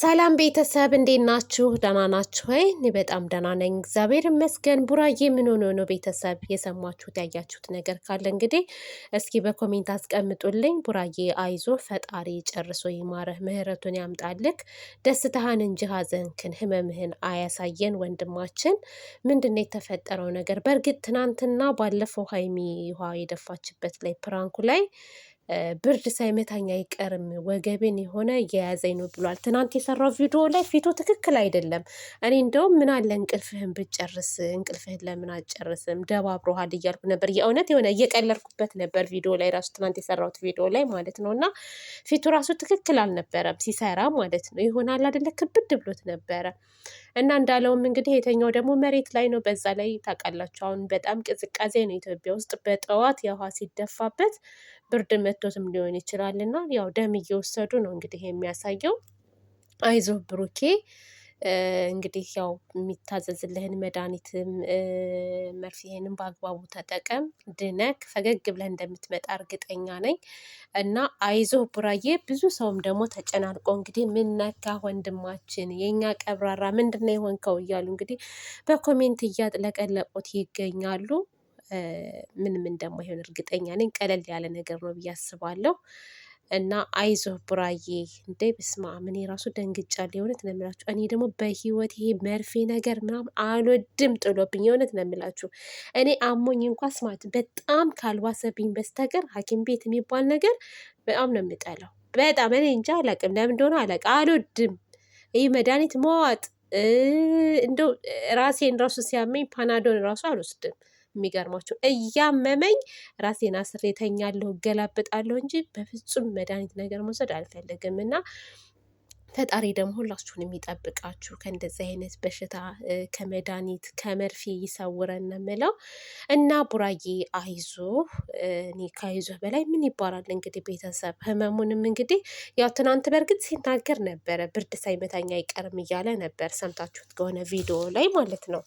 ሰላም ቤተሰብ እንዴት ናችሁ? ደህና ናችሁ ወይ? እኔ በጣም ደህና ነኝ፣ እግዚአብሔር ይመስገን። ቡራዬ ምን ሆኖ ነው? ቤተሰብ የሰማችሁት ያያችሁት ነገር ካለ እንግዲህ እስኪ በኮሜንት አስቀምጡልኝ። ቡራዬ አይዞ፣ ፈጣሪ ጨርሶ ይማረህ፣ ምህረቱን ያምጣልክ፣ ደስታህን እንጂ ሐዘንክን ህመምህን አያሳየን። ወንድማችን ምንድን ነው የተፈጠረው ነገር? በእርግጥ ትናንትና ባለፈው ሀይሚ ውሃ የደፋችበት ላይ ፕራንኩ ላይ ብርድ ሳይመታኝ አይቀርም ወገቤን የሆነ እየያዘኝ ነው ብሏል። ትናንት የሰራው ቪዲዮ ላይ ፊቱ ትክክል አይደለም። እኔ እንደውም ምን አለ እንቅልፍህን ብጨርስ እንቅልፍህን ለምን አጨርስም ደባብሮሃል እያልኩ ነበር። የእውነት የሆነ እየቀለርኩበት ነበር ቪዲዮ ላይ ራሱ ትናንት የሰራሁት ቪዲዮ ላይ ማለት ነው። እና ፊቱ ራሱ ትክክል አልነበረም ሲሰራ ማለት ነው። ይሆናል አደለ ክብድ ብሎት ነበረ እና እንዳለውም እንግዲህ የተኛው ደግሞ መሬት ላይ ነው። በዛ ላይ ታውቃላችሁ አሁን በጣም ቅዝቃዜ ነው ኢትዮጵያ ውስጥ በጠዋት የውሃ ሲደፋበት ብርድ መቶትም ሊሆን ይችላል እና ያው ደም እየወሰዱ ነው እንግዲህ የሚያሳየው። አይዞ ብሩኬ እንግዲህ ያው የሚታዘዝልህን መድሃኒትም መርፌህንም በአግባቡ ተጠቀም ድነክ ፈገግ ብለህ እንደምትመጣ እርግጠኛ ነኝ። እና አይዞህ ቡራዬ ብዙ ሰውም ደግሞ ተጨናንቆ እንግዲህ ምን ወንድማችን የእኛ ቀብራራ ምንድነው የሆንከው እያሉ እንግዲህ በኮሜንት እያጥለቀለቁት ይገኛሉ ምንም እንደማይሆን እርግጠኛ ነኝ። ቀለል ያለ ነገር ነው ብዬ አስባለሁ። እና አይዞህ ቡራዬ እንደ ብስማ ምን የራሱ ደንግጫለሁ። የእውነት ነው የምላችሁ። እኔ ደግሞ በህይወት ይሄ መርፌ ነገር ምናምን አልወድም ጥሎብኝ። የእውነት ነው የምላችሁ። እኔ አሞኝ እንኳ ስማት በጣም ካልባሰብኝ በስተቀር ሐኪም ቤት የሚባል ነገር በጣም ነው የምጠላው። በጣም እኔ እንጃ አላቅም፣ ለምን እንደሆነ አላቅ፣ አልወድም። ይህ መድኃኒት መዋጥ እንደው ራሴን ራሱ ሲያመኝ ፓናዶን ራሱ አልወስድም። የሚገርማቸው እያመመኝ ራሴን አስሬ ተኛለሁ፣ እገላበጣለሁ እንጂ በፍጹም መድኃኒት ነገር መውሰድ አልፈልግም እና ፈጣሪ ደግሞ ሁላችሁን የሚጠብቃችሁ ከእንደዚህ አይነት በሽታ ከመድኃኒት ከመርፌ ይሰውረን ምለው እና ቡራዬ አይዞ እኔ ከአይዞ በላይ ምን ይባላል እንግዲህ ቤተሰብ ህመሙንም እንግዲህ ያው ትናንት በእርግጥ ሲናገር ነበረ ብርድ ሳይመታኝ አይቀርም እያለ ነበር ሰምታችሁት ከሆነ ቪዲዮ ላይ ማለት ነው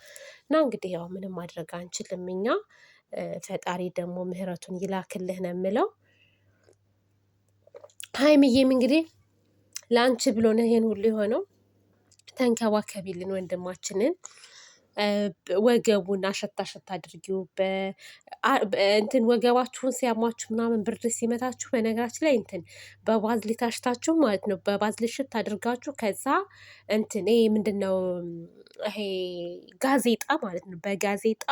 እና እንግዲህ ያው ምንም ማድረግ አንችልም እኛ ፈጣሪ ደግሞ ምህረቱን ይላክልህ ነው የምለው ሀይምዬም እንግዲህ ለአንቺ ብሎ ነው ይሄን ሁሉ የሆነው። ተንከባከቢልን ወንድማችንን ወገቡን አሸታ ሸታ አድርጊው። እንትን ወገባችሁን ሲያሟችሁ ምናምን ብርድ ሲመታችሁ በነገራችን ላይ እንትን በባዝሊ ታሽታችሁ ማለት ነው። በባዝሊ ሽት አድርጋችሁ ከዛ እንትን ይሄ ምንድን ነው ይሄ ጋዜጣ ማለት ነው። በጋዜጣ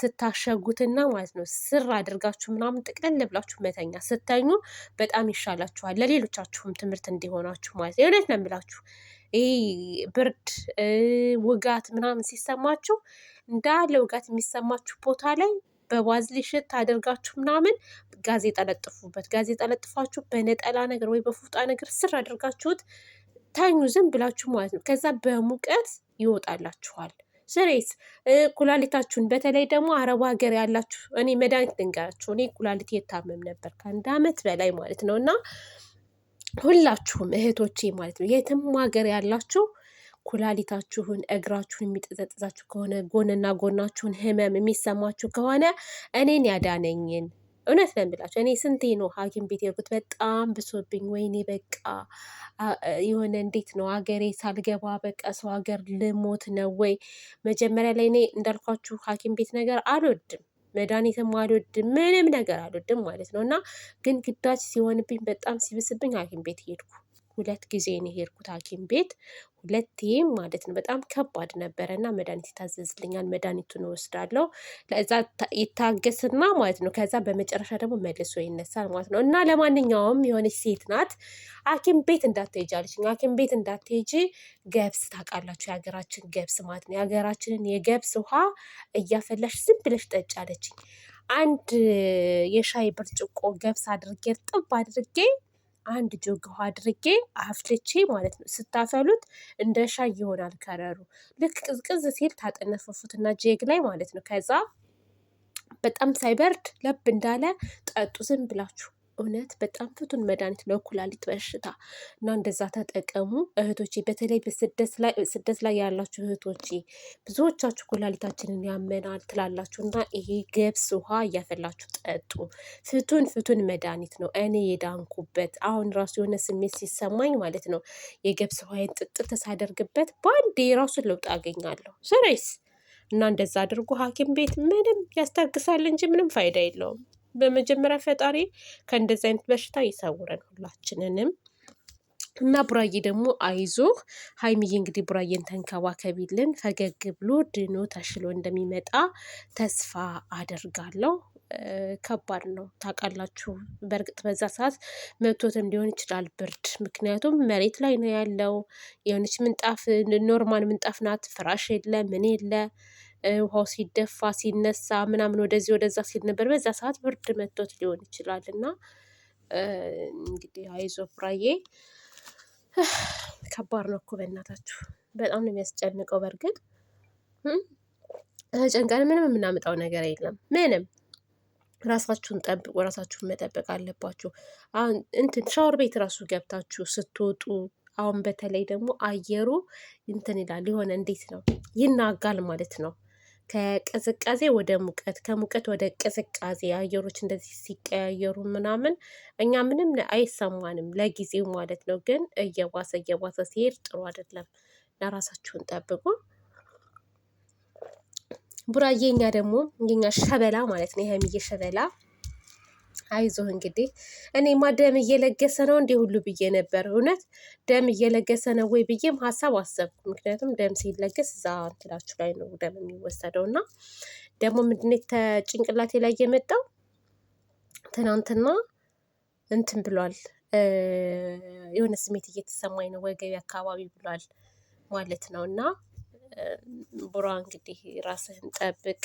ትታሸጉትና ማለት ነው ስር አድርጋችሁ ምናምን ጥቅልል ብላችሁ መተኛ። ስተኙ በጣም ይሻላችኋል። ለሌሎቻችሁም ትምህርት እንዲሆናችሁ ማለት ነው። የእውነት ነው የምላችሁ። ይሄ ብርድ ውጋት ምናምን ሲሰማችሁ እንዳለ ውጋት የሚሰማችሁ ቦታ ላይ በባዝሊ ሽት አድርጋችሁ ምናምን ጋዜጣ ለጥፉበት። ጋዜጣ ለጥፋችሁ በነጠላ ነገር ወይ በፎጣ ነገር ስር አድርጋችሁት ታኙ ዝም ብላችሁ ማለት ነው። ከዛ በሙቀት ይወጣላችኋል። ስሬስ ኩላሊታችሁን በተለይ ደግሞ አረብ ሀገር ያላችሁ እኔ መድኃኒት ልንገራችሁ። እኔ ኩላሊት የታመም ነበር ከአንድ አመት በላይ ማለት ነው እና ሁላችሁም እህቶቼ ማለት ነው የትም ሀገር ያላችሁ ኩላሊታችሁን እግራችሁን የሚጠዘጥዛችሁ ከሆነ ጎንና ጎናችሁን ህመም የሚሰማችሁ ከሆነ እኔን ያዳነኝን እውነት ነው የምላችሁ። እኔ ስንቴ ነው ሐኪም ቤት የሄድኩት በጣም ብሶብኝ፣ ወይኔ በቃ የሆነ እንዴት ነው ሀገሬ ሳልገባ በቃ ሰው ሀገር ልሞት ነው ወይ? መጀመሪያ ላይ እኔ እንዳልኳችሁ ሐኪም ቤት ነገር አልወድም። መድኃኒትም አልወድም ምንም ነገር አልወድም ማለት ነው። እና ግን ግዳጅ ሲሆንብኝ በጣም ሲብስብኝ ሐኪም ቤት ሄድኩ ሁለት ጊዜ ነው የሄድኩት ሐኪም ቤት ሁለቴም ማለት ነው። በጣም ከባድ ነበረ እና ታዘዝልኛል ይታዘዝልኛል መድሃኒቱን እወስዳለሁ። ለዛ ይታገስና ማለት ነው ከዛ በመጨረሻ ደግሞ መልሶ ይነሳል ማለት ነው። እና ለማንኛውም የሆነች ሴት ናት ሀኪም ቤት እንዳትሄጂ አለችኝ ሀኪም ቤት እንዳትሄጂ ገብስ ታውቃላችሁ የሀገራችን ገብስ ማለት ነው የሀገራችንን የገብስ ውሃ እያፈላሽ ዝም ብለሽ ጠጪ አለችኝ። አንድ የሻይ ብርጭቆ ገብስ አድርጌ ጥብ አድርጌ አንድ ጆግ ውሃ አድርጌ አፍልቼ ማለት ነው። ስታፈሉት እንደ ሻይ ይሆናል ከረሩ። ልክ ቅዝቅዝ ሲል ታጠነፈፉትና ጄግ ላይ ማለት ነው። ከዛ በጣም ሳይበርድ ለብ እንዳለ ጠጡ ዝም ብላችሁ። እውነት በጣም ፍቱን መድኃኒት ነው ኩላሊት በሽታ እና እንደዛ ተጠቀሙ እህቶቼ። በተለይ ስደት ላይ ያላችሁ እህቶቼ ብዙዎቻችሁ ኩላሊታችንን ያመናል ትላላችሁ እና ይሄ ገብስ ውሃ እያፈላችሁ ጠጡ። ፍቱን ፍቱን መድኃኒት ነው። እኔ የዳንኩበት አሁን ራሱ የሆነ ስሜት ሲሰማኝ ማለት ነው የገብስ ውሃዬን ጥጥት ሳደርግበት በአንዴ ራሱን ለውጥ አገኛለሁ። ስሬስ እና እንደዛ አድርጎ ሐኪም ቤት ምንም ያስታግሳል እንጂ ምንም ፋይዳ የለውም። በመጀመሪያ ፈጣሪ ከእንደዚ አይነት በሽታ ይሰውረን ሁላችንንም። እና ቡራዬ ደግሞ አይዞ ሀይሚዬ፣ እንግዲህ ቡራዬን ተንከባከቢልን። ፈገግ ብሎ ድኖ ተሽሎ እንደሚመጣ ተስፋ አደርጋለሁ። ከባድ ነው ታውቃላችሁ። በእርግጥ በዛ ሰዓት መቶትም ሊሆን ይችላል ብርድ፣ ምክንያቱም መሬት ላይ ነው ያለው። የሆነች ምንጣፍ ኖርማል ምንጣፍ ናት፣ ፍራሽ የለ ምን የለ ውሃው ሲደፋ ሲነሳ ምናምን ወደዚህ ወደዛ ሲል ነበር። በዛ ሰዓት ብርድ መቶት ሊሆን ይችላል እና እንግዲህ አይዞ ፍራዬ ከባድ ነው እኮ በእናታችሁ በጣም ነው የሚያስጨንቀው። በእርግጥ ጨንቀን ምንም የምናምጣው ነገር የለም ምንም። ራሳችሁን ጠብቁ፣ ራሳችሁን መጠበቅ አለባችሁ። አሁን እንትን ሻወር ቤት ራሱ ገብታችሁ ስትወጡ አሁን በተለይ ደግሞ አየሩ እንትን ይላል የሆነ እንዴት ነው ይናጋል ማለት ነው። ከቅዝቃዜ ወደ ሙቀት ከሙቀት ወደ ቅዝቃዜ አየሮች እንደዚህ ሲቀያየሩ ምናምን እኛ ምንም አይሰማንም ለጊዜው ማለት ነው። ግን እየባሰ እየባሰ ሲሄድ ጥሩ አይደለም። ለራሳችሁን ጠብቁ። ቡራዬ እኛ ደግሞ የኛ ሸበላ ማለት ነው። ይሄም ሸበላ አይዞህ እንግዲህ እኔማ ደም እየለገሰ ነው እንዲህ ሁሉ ብዬ ነበር። እውነት ደም እየለገሰ ነው ወይ ብዬም ሀሳብ አሰብኩ። ምክንያቱም ደም ሲለገስ እዛ እንትላችሁ ላይ ነው ደም የሚወሰደው እና ደግሞ ምንድን ነው ላይ የመጣው ትናንትና እንትን ብሏል። የሆነ ስሜት እየተሰማኝ ነው ወገቢ አካባቢ ብሏል ማለት ነው እና ቡራ እንግዲህ ራስህን ጠብቅ።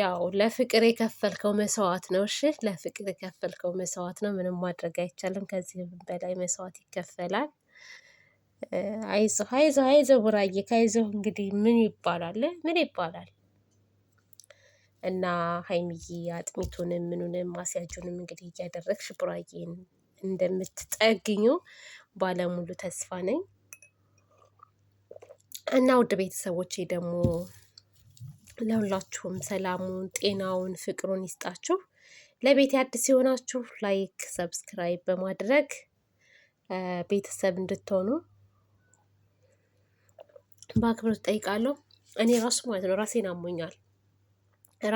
ያው ለፍቅር የከፈልከው መስዋዕት ነው። እሺ ለፍቅር የከፈልከው መስዋዕት ነው። ምንም ማድረግ አይቻልም። ከዚህም በላይ መስዋዕት ይከፈላል። አይዞ አይዞ አይዞ ቡራዬ፣ ከአይዞ እንግዲህ ምን ይባላል? ምን ይባላል? እና ሀይሚዬ አጥሚቱንም ምኑንም ማስያጁንም እንግዲህ እያደረግሽ ቡራዬን እንደምትጠግኙ ባለሙሉ ተስፋ ነኝ። እና ውድ ቤተሰቦቼ ደግሞ ለሁላችሁም ሰላሙን፣ ጤናውን፣ ፍቅሩን ይስጣችሁ። ለቤት አዲስ የሆናችሁ ላይክ፣ ሰብስክራይብ በማድረግ ቤተሰብ እንድትሆኑ በአክብሮት ጠይቃለሁ። እኔ ራሱ ማለት ነው ራሴን አሞኛል።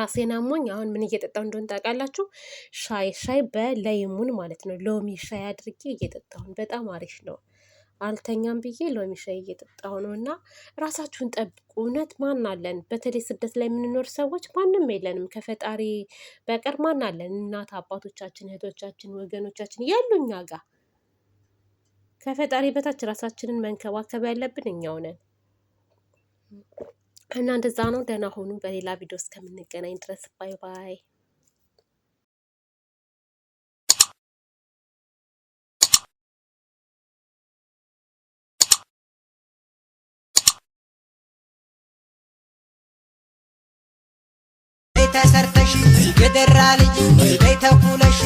ራሴን አሞኝ አሁን ምን እየጠጣው እንደሆን ታውቃላችሁ? ሻይ ሻይ በለይሙን ማለት ነው ሎሚ ሻይ አድርጌ እየጠጣሁን በጣም አሪፍ ነው። አልተኛም ብዬ ሎሚ ሻይ እየጠጣሁ ነው። እና ራሳችሁን ጠብቁ። እውነት ማን አለን? በተለይ ስደት ላይ የምንኖር ሰዎች ማንም የለንም ከፈጣሪ በቀር ማን አለን? እናት አባቶቻችን፣ እህቶቻችን፣ ወገኖቻችን ያሉ እኛ ጋር ከፈጣሪ በታች ራሳችንን መንከባከብ ያለብን እኛው ነን። እና እንደዛ ነው። ደህና ሆኑ። በሌላ ቪዲዮ እስከምንገናኝ ድረስ ባይ ባይ። ተሰርተሽ የደራ ልጅ ተይተኩለሽ